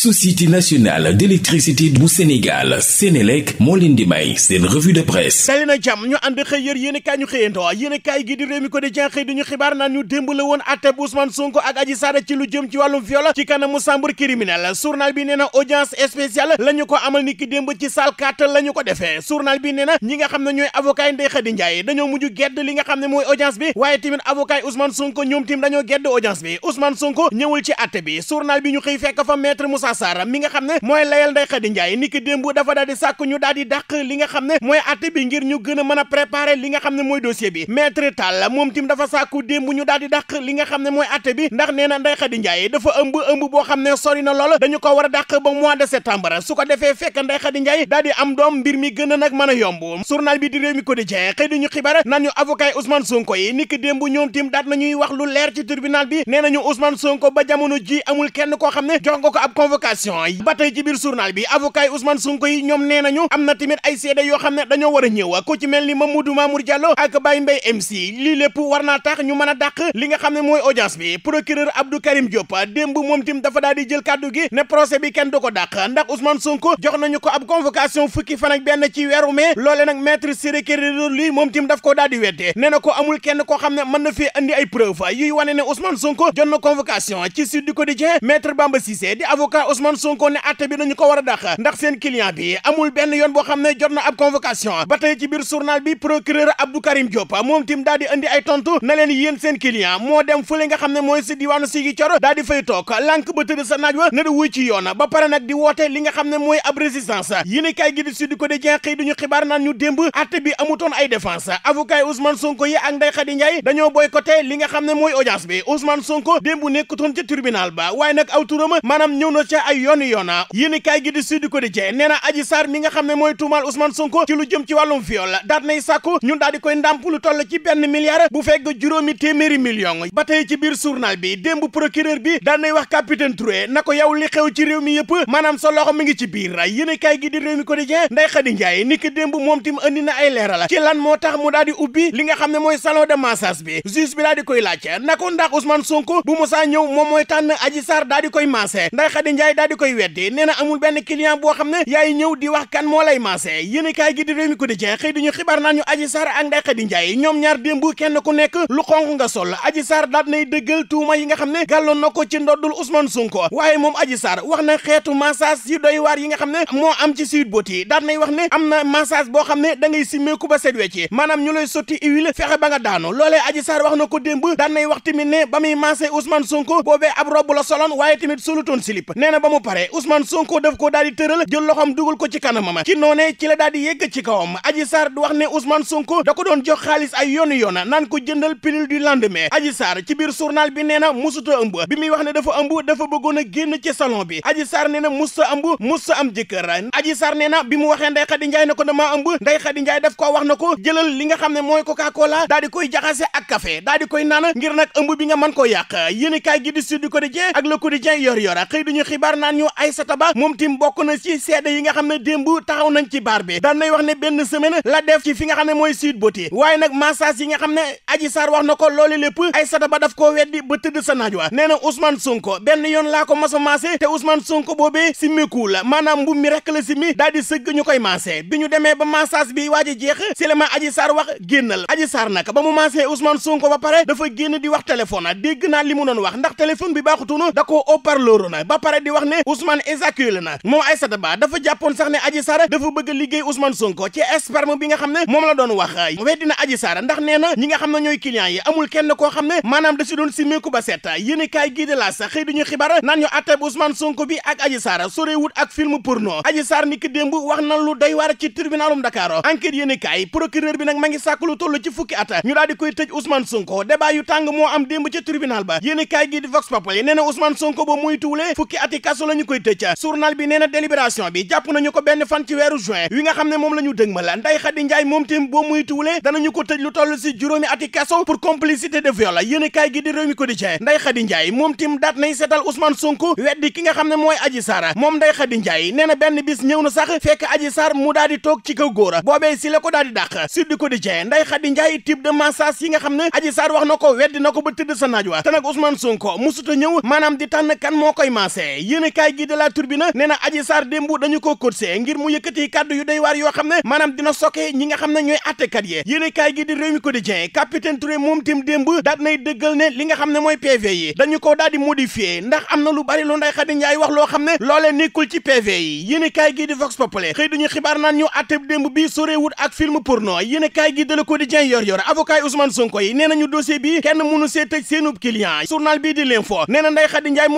société nationale d'électricité bu Sénégal Sénélec moo leen di may seen revue de presse dali na jàmm ñu ànd xëy yër yéen kaay ñu xëyandoo yéen kaay gi mi ko di jenxëy di ñu xibaar naan ñu démb la woon àtte bu Ousmane Sonko ak Adji Sarr ci lu jëm ci wàllum viol ci kanamu chambre criminelle journal bi nee na audience spéciale la ko amal ni démb ci salle 4 la ko defee journal bi nee na ñi nga xam ne ñooy avocat yi Ndeye Khady dañoo mujj Moustapha Sarr mi nga xam ne mooy layal Ndeye Khady Ndiaye ni démb dafa daal sàkk ñu daal dàq li nga xam ne mooy àtte bi ngir ñu gën a mën a li nga xam ne mooy dossier bi maître Tall moom tim dafa sàkku démb ñu daal dàq li nga xam ne mooy àtte bi ndax nee na Ndeye Khady Ndiaye dafa ëmb ëmb boo xam ne sori lool dañu ko war a dàq ba mois de septembre su ko defee fekk Ndeye Khady Ndiaye daal am doom mbir mi gën a nag mën a yomb journal bi di réew mi quotidien convocation yi ba tey ci biir journal bi avocat yi Ousmane Sonko yi ñoom nee am na tamit ay seede yoo xam ne dañoo war a ñëw ci mel ni Mamadou Mamour Diallo ak Baye Mbaye MC lii lépp war naa tax ñu mën a dàq li nga xam ne mooy audience bi procureur Abdou Karim Diop démb moom tim dafa daal jël kàddu gi ne procès bi kenn du dàq ndax Ousmane Sonko jox nañu ko ab convocation fukki fan ak ci weeru mai loole nag maître Ciré Clédor Ly moom tim daf ko daal di Ousmane Sonko ne atte bi dañu ko war a dàq ndax seen client bi amul benn yoon boo xam ne jot na ab convocation ba tey ci biir bi procureur Abdou Karim moom tim daal di ay tontu na leen yéen seen client moo dem fële nga xam ne mooy diwaanu Ziguinchor daal di fay toog lànk ba tëdd sa naaj wa na wuy ci yoon ba pare di woote li nga xam ne mooy ab résistance yéen kay gi Sud Quotidien xëy duñu xibaar ñu démb atte bi amutoon ay ne mooy audience bi Ousmane Sonko démb nekkutoon na ay yoon yoona yéen i kaay gi di Sud Quotidien nee na Adji mi nga xam ne mooy tuumaal Ousmane Sonko ci lu jëm ci wàllum viol daat nay sàkku ñun daal di koy ndàmp lu toll ci benn milliard bu fekk juróomi téeméeri million ba tey ci biir journal bi démb procureur bi daat nay wax capitaine Touré na ko yow li xew ci réew mi yëpp maanaam sa mi ngi ci biir yéen i kaay gi di réew mi Quotidien Ndeye Khady Ndiaye ni ki démb moom tim andi na ay leeral ci lan moo tax mu daal di ubbi li nga xam ne mooy salon de bi bi daal di koy laaj na ko ndax Ousmane Sonko bu mosaa ñëw moom mooy tànn Adji Sarr daal di koy maase Ndeye Khady kaay daal di koy weddi nee na amul benn client boo xam ne yaay ñëw di wax kan moo lay maase yéen kaay gi di réew mi ñu xibaar naan ñu Adji Sarr ak Ndeye Khady Ndiaye ñoom ñaar démb kenn ku nekk lu xonq nga sol Adji Sarr daal nay dëggal tuuma yi nga xam ne gàlloon na ko ci ndoddul Ousmane Sonko waaye moom Adji Sarr wax na xeetu massage yu doy waar yi nga xam ne moo am ci Sweet Beauty daal nay wax ne am na massage boo xam ne da ngay simmeeku ba set wecc maanaam ñu lay sotti huile fexe ba nga daanu loolee Adji na wax tamit ne ba muy massé Ousmane Sonko boobee ab robb la soloon waaye tamit solutoon slip ba mu pare Ousmane Sonko daf ko daal di tëral jël loxoom dugal ko ci kanamam ci noonee ci la daal di yegg ci kawam Adji Sarr wax ne Ousmane Sonko da ko doon jox xaalis ay yoonu yoona naan ko jëndal pilule du lendemain Adji Sarr ci biir journal bi nee na musuta ëmb bi muy wax ne dafa ëmb dafa bëggoon a génn ci salon bi Adji Sarr nee na musta ëmb musta am jëkkër Adji Sarr nee na bi mu waxee Ndeye Khady Ndiaye ne ko damaa ëmb Ndeye Khady Ndiaye daf wax na ko jëlal li nga xam ne mooy Coca Cola daal di koy jaxase ak café daal di koy naan ngir nag ëmb bi nga mën ko yàq yéen kaay gi di Sud Quotidien ak Le Quotidien yaakaar naan ñu Aïssata Ba moom tim bokk na ci seede yi nga xam ne démb taxaw nañ ci baar bi daan nay wax ne benn semaine la def ci fi nga xam ne mooy Sweet Beauté waaye nag massage yi nga xam ne Adji Sarr wax na ko loolu lépp Aïssata Ba daf koo weddi ba tëdd sa naaj wa nee na Ousmane Sonko benn yoon laa ko mas a maase te Ousmane Sonko boobee simmiku la maanaam mbub mi rek la simmi daal di sëgg ñu koy maase bi ñu demee ba massage bi waaj jeex si la ma Adji Sarr wax génnal Adji Sarr nag ba mu maasee Ousmane Sonko ba pare dafa génn di wax téléphone dégg naa li mu doon wax ndax téléphone bi baaxutoon da koo haut di wax ne Ousmane éjaculé na moom Aïssata Ba dafa jàppoon sax ne Adji Sarr dafa bëgg a liggéey Ousmane Sonko ci sperme bi nga xam ne moom la doon wax weddi na Adji ndax nee na ñi nga xam ne ñooy clients yi amul kenn koo xam ne maanaam da si doon ba set yéen kaay gii de sax xëy duñu xibaar naan ñu atteb Ousmane Sonko bi ak Adji Sarr sorewut ak film porno Adji Sarr ni ki démb wax na lu doy ci tribunalum Dakar enquête yéen kaay ci kaso la ñu koy tëj journal bi nee na délibération bi jàpp nañu ko benn fan ci weeru juin wi nga xam ne moom lañu ñu dëg ma la Ndeye Khady Ndiaye moom tim boo muy tuulee danañu ko tëj lu toll si juróomi ati kaso pour complicité de viol yéen i kaay gi di réew mi quotidien Ndeye Khady Ndiaye moom tim daat nay seetal Ousmane Sonko weddi ki nga xam ne mooy Adji Sarr moom Ndeye Khady Ndiaye nee na benn bis ñëw na sax fekk Adji sar mu daal di toog ci kaw góora boobee si la ko daal di dàq Sud Quotidien Ndeye Khady Ndiaye type de massage yi nga xam ne Adji Sarr wax na ko weddi na ko ba tëdd sa naaj wa te nag Ousmane Sonko ñëw maanaam di tànn kan moo koy maase yéenekaay gi de La Tribune nee na Adji Sarr démb dañu ko courser ngir mu yëkkati kàddu yu doy waar yoo xam ne maanaam dina soke ñi nga xam ne ñooy attekat yi yéenekaay gi di Rewmi Quotidien capitaine Touré moom tim démb daat nay dëggal ne li nga xam ne mooy PV yi dañu ko daal di modifier ndax am na lu bari lo Ndeye Khady Ndiaye wax loo xam ne loolee nekkul ci PV yi yéenekaay gi di Vox Populi xëy duñu xibaar naan ñu atte démb bi sorewut ak film porno yéenekaay gi de yi nee nañu dossier bi kenn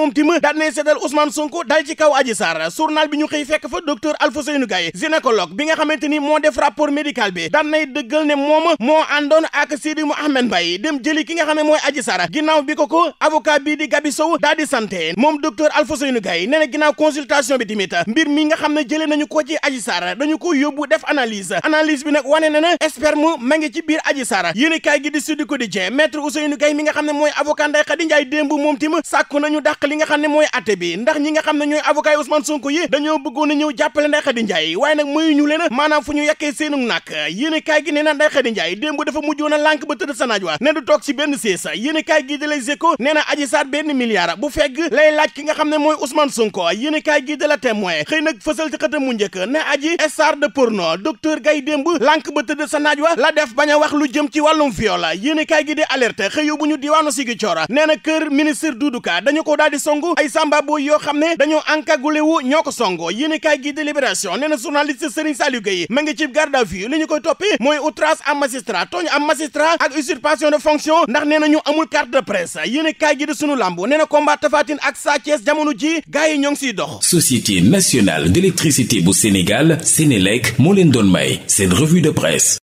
mënu Ousmane Sonko dal ci kaw Adji Sarr journal bi ñu xëy fekk fa docteur Alphousseynou Gaye gynécologue bi nga xamante ni moo def rapport médical bi daan moo àndoon ak Sidi Mouhamed Mbaye dem ki nga xam ne mooy Adji Sarr ginnaaw bi ko ko avocat bii di Gabi Sow daal di santé moom docteur Alphousseynou Gaye nee na ginnaaw consultation bi tamit mbir mi nga xam ne jëlee nañu ko ci Adji Sarr dañu ko yóbbu def analyse analyse bi nag wane na ne sperme ma ngi ci biir Adji Sarr yéen kaay gi di Sud Quotidien maître Ousseynou Gaye mi nga xam ne mooy avocat Ndeye Khady Ndiaye démb moom tim sàkku nañu dàq li nga xam ne mooy atte bi ñi nga xam ne ñooy avocat yi Ousmane Sonko dañoo bëggoon a ñëw jàppale Ndeye Khady Ndiaye waaye nag ñu leen maanaam fu ñu yekkee seenu nag yéen kaay nee na Ndeye Khady Ndiaye démb dafa mujjoon a lànk ba tëdd sa naaj wa ne du toog ci benn siis yéen kaay gi de Les Échos nee na bu fegg lay laaj ki nga xam ne mooy Ousmane Sonko yéen kaay gi de La Témoin xëy nag fësal ci njëkk ne Adji star de porno docteur Gaye démb lànk ba tëdd sa naaj wa la def bañ a wax lu jëm ci wàllum viol yéen kaay gi di alerte xëy bu ñu diwaanu Ziguinchor nee na kër ministre Doudou Ka dañu ko daal di song ay samba boo yoo xam ne dañoo encagoulé wu ñoo ko songo yéen i kaay gi de libération nee na journaliste Serigne Saliou Gueye ma ngi ci garde à vue li ñu koy toppee mooy outrage à magistrat tooñ am magistrat ak usurpation de fonction ndax nee ñu amul carte de presse yéen i kaay gi de sunu làmb nee na combat Tapha ak Sa Thiès ji gars yi ñoo dox société nationale d'électricité bu Sénégal Sénélec moo leen doon may seen revue de presse